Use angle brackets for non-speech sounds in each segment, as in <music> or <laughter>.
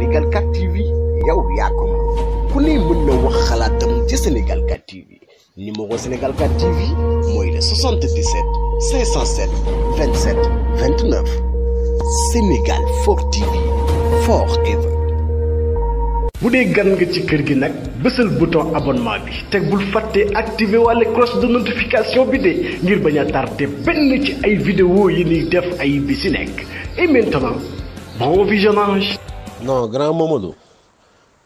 Sénégal 4 TV yow yaa ko ku ne mën na wax xalaatam ci Sénégal 4 TV numéro Sénégal 4 TV moy le 77 507 27 29 Sénégal 4 TV forever. bu dee gan nga ci kër gi nak, bésal bouton abonnement bi teg bul faté activer walla cloche de notification bi dé ngir baña a tardé benn ci ay vidéo yi ni def ay bi et maintenant bon visionnage non grand Momadou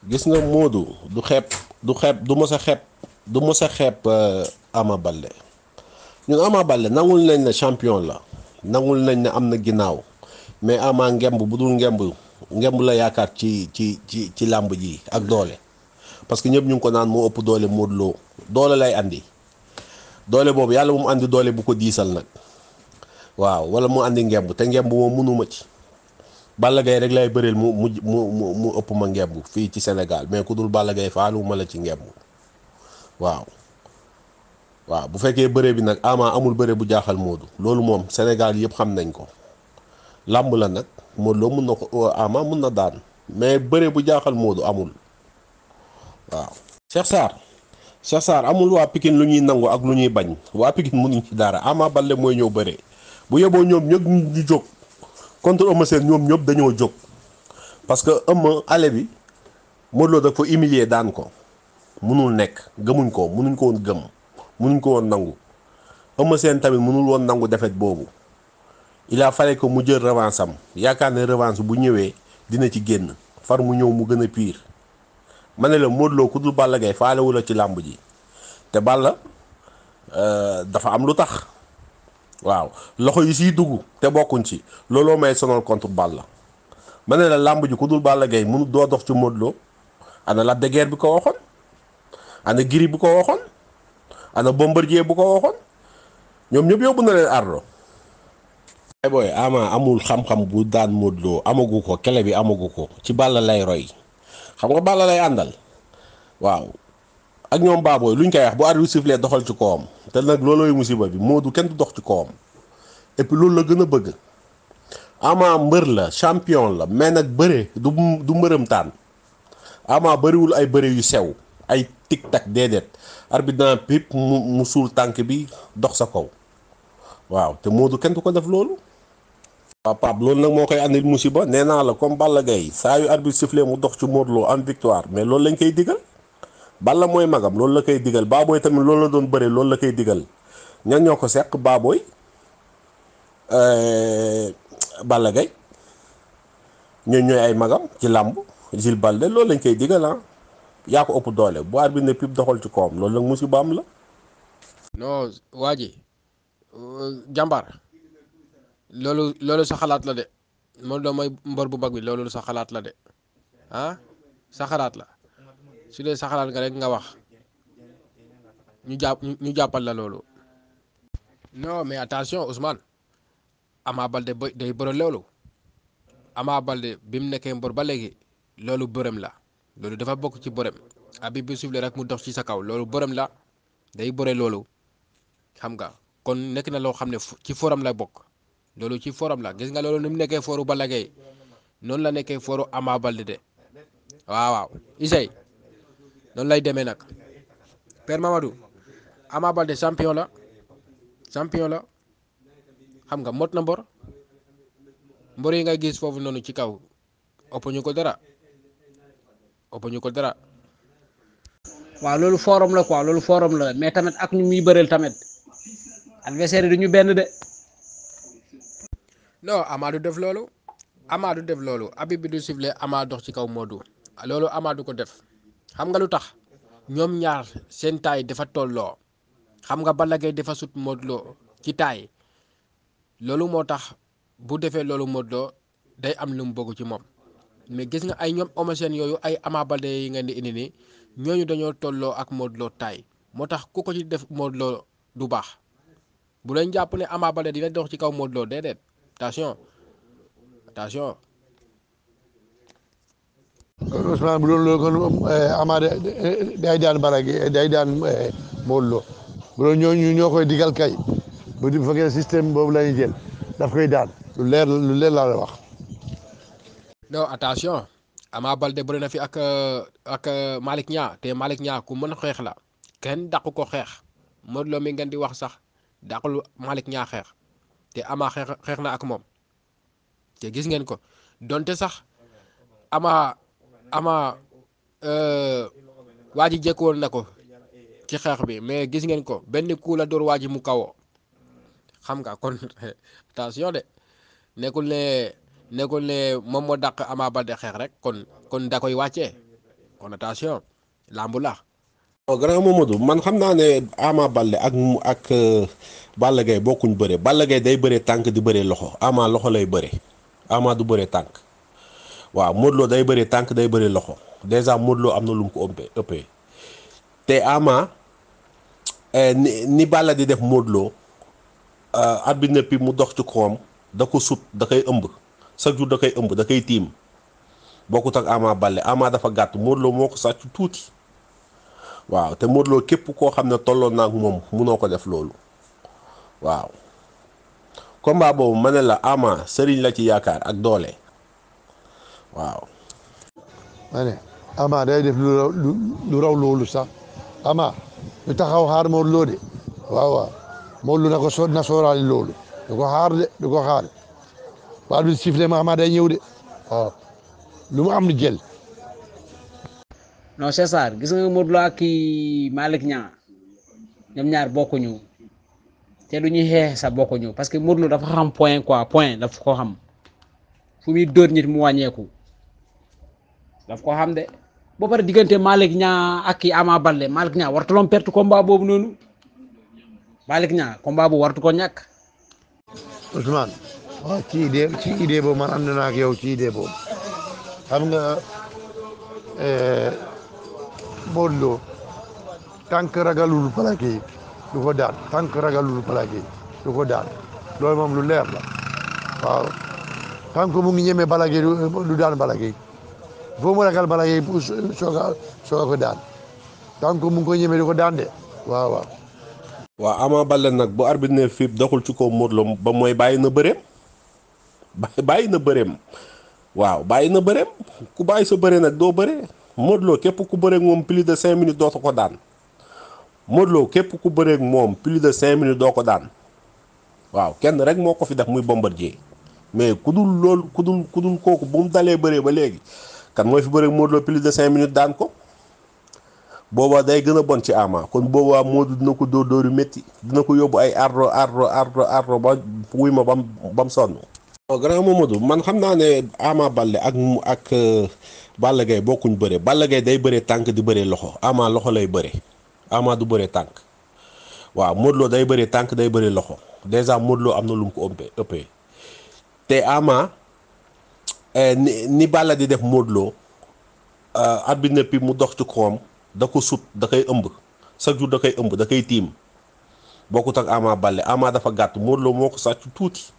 gis nga Modou du xeeb du xeeb du mës a xeeb du mës a xeeb euh, Ama Baldé ñun Ama Baldé nangul nañ ne champion la nangul nañ ne am na ginnaaw mais Ama ngemb bu dul ngemb ngemb la yaakaar ci ci ci ci làmb ji ak doole parce que ñëpp ñu ngi ko naan moo ëpp doole Modou Lo doole lay àndi doole boobu yàlla mu andi doole bu ko diisal nag waaw wala mu andi ngemb te ngemb moom mënuma ci. Balla gay rek lay bëreel mu mu mu mu ëpp ma ngemb fii ci senegal mais ku dul Balla Gaye faaluwuma la ci ngemb waaw waaw bu fekkee bëre bi nag ama amul bëre bu jaaxal Modou loolu moom Sénégal yëpp xam nañ ko làmb la nag Modou Lo mun na ko ama mun na daan mais bëre bu jaaxal Modou amul waaw. Cheikh Sarr Cheikh Sarr amul waa Pikine lu ñuy nangu ak lu ñuy bañ waa mu mënuñ ci dara Ama Baldé mooy ñëw bëre bu yeboo ñoom ñëpp ñu jóg. contre Eumeu Sène ñoom ñëpp dañoo jóg parce que Eumeu ale bi Modou Lo ko humilier daan ko munul nekk gëmuñ ko munuñ ko woon gëm munuñ ko woon nangu Eumeu Sène tamit munul woon nangu defet boobu il fare ko mu jël revanche am yaakaar ne revanche bu ñëwee dina ci génn far mu ñëw mu gën a piir ma ne la Modou Lo ku dul Balla Gaye faale wu ci làmb ji te Balla euh, dafa am lu tax. waaw loxo yi siy dugg te bokkuñ ci looloo may sonal contre ball la ne la làmb ji ku dul Balla Gaye mënu doo dox ci Modou Lo ana Lac de Guiers bi ko waxoon ana Gris bu ko waxoon ana Bombardier bu ko waxoon ñoom ñëpp yóbbu na leen ardo ay booy amul xam-xam bu daan Modou amagu ko kele bi amagu ko ci Balla lay roy xam nga Balla lay àndal waaw ak ñoom baabooy luñ koy wax bu arbitre sifflee doxal ci kawam te nag loolooy musiba bi Modou kenn du dox ci kawam loolu la gën a bëgg mbër la champion la mais nag bëre du du mbërëm taan Ama ay bëre yu sew ay tic tac déedéet arbitre pip mu suul tànk bi dox sa kaw waaw te Modou kenn du ko def loolu. waaw Pape loolu nag moo koy andil musiba nee naa la comme Balla Gaye saa yu arbitre sifflee mu dox ci Modou Lo am mais loolu lañ koy digal. la mooy magam loolu la koy digal Baboy tamit loolu la doon bëree loolu la koy digal ñan ñoo ko seq Baboy euh, Balla Gaye ñooñu ñooy ay magam ci làmb Gilles Balde loolu lañ koy digal ah. yaa ko ëpp doole bu aar bi ne pip doxal ci koom loolu la nag baam la. non waa ji jàmbaar loolu loolu sa xalaat la de Modou Lo mbor bu mag bi loolu sa xalaat la de ah sa xalaat la. Si rek nga wax ñu la non mais attention Ousmane Ama balde day lolu Ama balde bim ba la lolu dafa bokk ci bërëm Habib rek mu dox la day bëre lolu xam nga kon nekk na lo xamné la bokk lolu ci forum la gis nga la nekkee foru Ama Balde. de waaw noonu lay demee nag Père Mamadou Ama Baldé champion la champion la xam nga mot na mbor mbor yi nga gis foofu noonu ci kaw ëpp ko dara ëpp ko dara. waaw loolu forum la quoi loolu forum la mais tamit ak ñu muy bëreel tamit adversaire yi du ñu benn de. non Ama def loolu Ama du def loolu Habib bi du sifflé Ama dox ci kaw Modou loolu Ama ko def. xam nga lu tax ñoom ñaar seen taay dafa tolloo xam nga Balla Gaye dafa sut Modou Lo ci taay loolu moo tax bu defee loolu Modou Lo day am lu mu bëgg ci moom mais gis nga ay ñoom Eumeu yooyu ay Ama Baldé yi ngeen di indi nii ñooñu dañoo tolloo ak Modou Lo taay moo tax ku ko ci def Modou Lo du baax bu leen jàpp ne Ama Baldé dina dox ci kaw Modou Lo déedéet attention attention kon Ousmane bu doon loolu kon eh, Ama eh, day daan barag day daan eh, Modou Lo bu doon ñooñu ñoo koy digal kay bu di bu fekkee système boobu la ñuy jël daf koy daan lu leer lu leer laa la wax. non attention Ama Baldé bëri na fi ak ak Malick Niang te Malick ñaa ku mën xeex la kenn dàqu ko xeex Modou mi ngeen di wax sax dàqul malik ñaa xeex te Ama xeex xeex na ak moom te gis ngeen ko donte sax Ama. ama euh, waa ji jekkoon na ko ci xeex bi mais gis ngeen ko benn coup la door waa ji mu kawoo xam nga kon <laughs> attention de nekkul ne nekkul ne moom moo dàq Ama Baldé xeex rek kon kon da koy wàcce kon attention làmbu la. non grand Momadou man xam naa ne Ama Baldé ak ak euh, Balla Gaye bokkuñ bëre Balla Gaye day bëre tànk di bëre loxo Ama loxo lay bëre Ama du bëre tànk. waaw mootloo day bëri tànk day bëri loxo déjà Modou am na lu mu ko ëppee ëppee te Ama eh, ni ni di def Modou Lo euh, at bi nëppi mu dox ci koom da ko sut da koy ëmb chaque da koy ëmb da koy tiim bokkut ak Ama Baldé Ama dafa gàtt Modou Lo moo ko sàcc tuuti waaw te Modou képp koo xam ne tolloon naa ak moom munoo ko def loolu waaw combat boobu ma ne la Ama sëriñ la ci yaakaar ak doole. waaw ma ne day def lu loolu sax ama lu taxaw xaar Modou Lo de waaw waaw Modou Lo na ko so na sooraali loolu du ko de du ko xaar bi sifflé ma day ñëw de lu mu am lu jël non c'est gis nga Modou Lo ak Malick Niang ñoom ñaar bokkuñu te du ñuy xeex sa bokkuñu parce que Modou Lo dafa xam point ko xam fu muy dóor nit mu wàññeeku daf ko xam de ba pare diggante Malick Niang ak Ama Baldé Malick Niang wartuloon perte combat boobu noonu Malick Niang combat bu wartu ko ñàkk. Ousmane waaw ci idée ci idée boobu man ànd naa ak yow ci idée boobu xam nga eh, Modou Lo tànk ragalul plaque yi du ko daan tànk ragalul plaque yi du ko daan loolu moom lu leer la waaw tànk mu ngi ñeme balage du daan balage foo mu ragal bala yey pour soog a soog a ko donc mu ngi ko ñemee di ko daan de waaw waaw. waaw Ama Baldé nag bu arbitre ne fii doxul ci kaw Modou ba mooy bàyyi na bëreem bàyyi na bëreem waaw bàyyi na bëreem ku bàyyi sa bëre nag doo bëre Modou képp ku bëreeg moom plus de cinq minutes dootu ko daan Modou képp ku bëreeg moom plus de cinq minutes doo ko daan waaw kenn rek moo ko fi def muy Bombardier mais ku dul loolu ku dul ku dul kooku bu mu dalee bëree ba léegi. kan mooy fi bëre ak Modou Lo plus de cinq minutes daan ko boobaa day gën a bon ci Ama kon boobaa Modou dina ko dóor dóor yu dina ko yóbbu ay ardo ardo ardo ardo ba wuy ma bam ba sonn. waaw oh, grand Mamadou man xam naa ne Ama Baldé ak ak euh, Balla Gaye bokkuñ bëre Balla Gaye day bëre tànk di bëre loxo Ama loxo lay bëre Ama du bëre tànk waaw Modou day bëre tànk day bëre loxo déjà Modou Lo am na lum mu ko ëppee te Ama. Eh, ni ni di def Modou Lo eh, arbitre bi mu dox ci kawam da ko sut da koy ëmb chaque da koy ëmb da koy tiim bokkut ak Ama Baldé Ama dafa gàtt Modou moo ko sàcc tuuti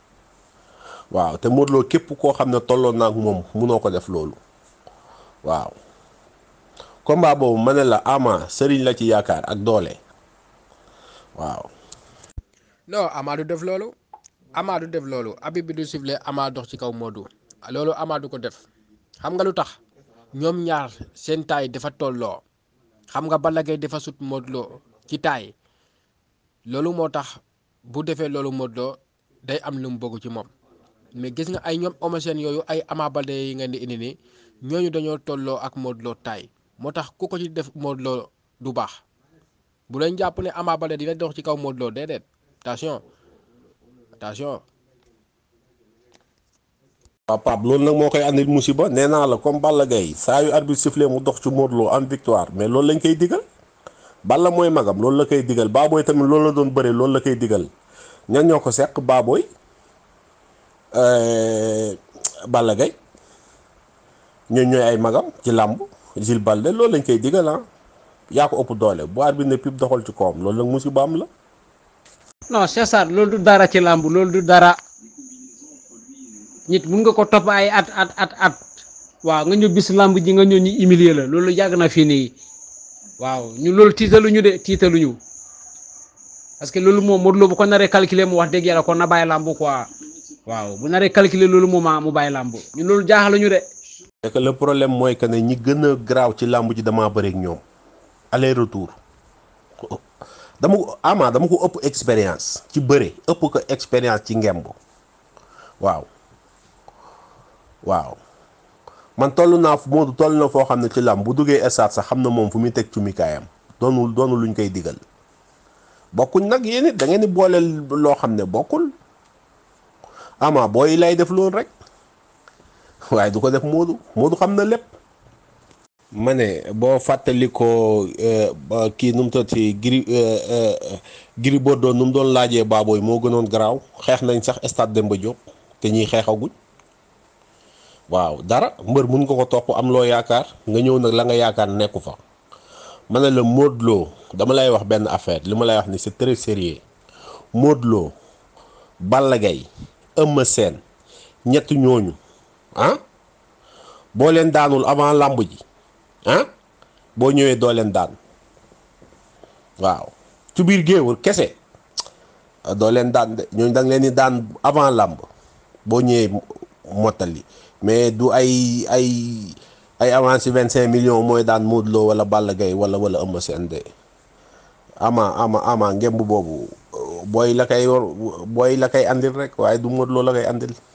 waaw te mootloo képp koo xam ne tolloon naa ak moom munoo ko def loolu waaw komba boobu ma ne la Ama sëriñ la ci yaakaar ak doole waaw. non Ama du def loolu Ama du def loolu abi bi du sifflé Ama dox ci kaw Modou. loolu Ama du ko def xam nga lu tax ñoom ñaar seen taay dafa tolloo xam nga Balla Gaye dafa sut Modou Lo ci taay loolu moo tax bu defee loolu Modou Lo day am lu mu bëgg ci moom mais gis nga ay ñoom Eumeu yooyu ay Ama yi ngeen di indi nii ñooñu dañoo tolloo ak Modou Lo taay moo tax ku ko ci def Modou Lo du baax bu leen jàpp ne Ama Baldé dina dox ci kaw Modou Lo déedéet attention attention. waaw Pape loolu nag moo koy andil musiba nee naa la comme Balla Gaye saa yu arbitre sifflé mu dox ci Modou Lo am victoire mais loolu lañ koy digal Balla mooy magam loolu la koy digal Baboy tamit loolu la doon bëre loolu la koy digal ñan ñoo ko seq Baboy euh, Balla Gaye ñooy ñooy ay magam ci làmb Gilles Balde loolu lañ koy digal ah yaa ko ëpp doole bu arbitre pip doxal ci kawam loolu nag musiba am la. non Cheikh loolu du dara ci làmb loolu du dara. nit mun nga ko topp ay at at at at waaw nga ñëw bis làmb ji nga ñëw ñu humilier la loolu yàgg na fii nii waaw ñu loolu ñu de tiitaluñu parce que loolu moom Modou Lo bu ko naree calculer mu wax dëgg yàlla kon na bàyyi làmb quoi waaw bu naree calculer loolu moom mu bàyyi làmb ñu loolu jaaxaluñu de. c'est que le problème mooy que ne ñi gën a garaaw ci làmb ji damaa bëri ak ñoom aller retour dama ko ama dama ko ëpp expérience ci bëre ëpp ko expérience ci ngemb waaw. waaw man toll naa Modou toll na foo xam ne ci làmb bu duggee estaat sax xam na moom fu muy teg ci mikaayam doonul doonul luñ koy digal bokkuñ nag yéen it da ngeen di boole loo xam ne bokkul ama booy lay def loolu rek waaye du ko def Modou Modou xam na lépp. ma ne boo fàttali ko euh, kii nu mu toll ci Gris euh, euh, Gris Bordeaux nu mu doon laajee baabooy moo gënoon garaaw xeex nañ sax dem ba Diop te ñuy xeexaguñ. waaw dara mbër mun nga ko topp am loo yaakaar nga ñëw nag la nga yaakaar nekku fa ma ne la Modou dama lay wax benn affaire li ma lay wax ni c'est très sérieux Modou ëmma seen ñett ñooñu ah boo leen daanul avant làmb ji ah boo ñëwee doo leen daan waaw ci biir géewul kese doo leen daan de ñooñu da leen di daan avant làmb boo ñëwee mottali mais du ay ay ay avance vingt cinq millions mooy daan Modou Lo wala Balla Gaye wala wala Eumeu Sène de ama ama ama ngemb boobu booy la koy booy la koy andil rek waaye du Modou Lo la kay àndil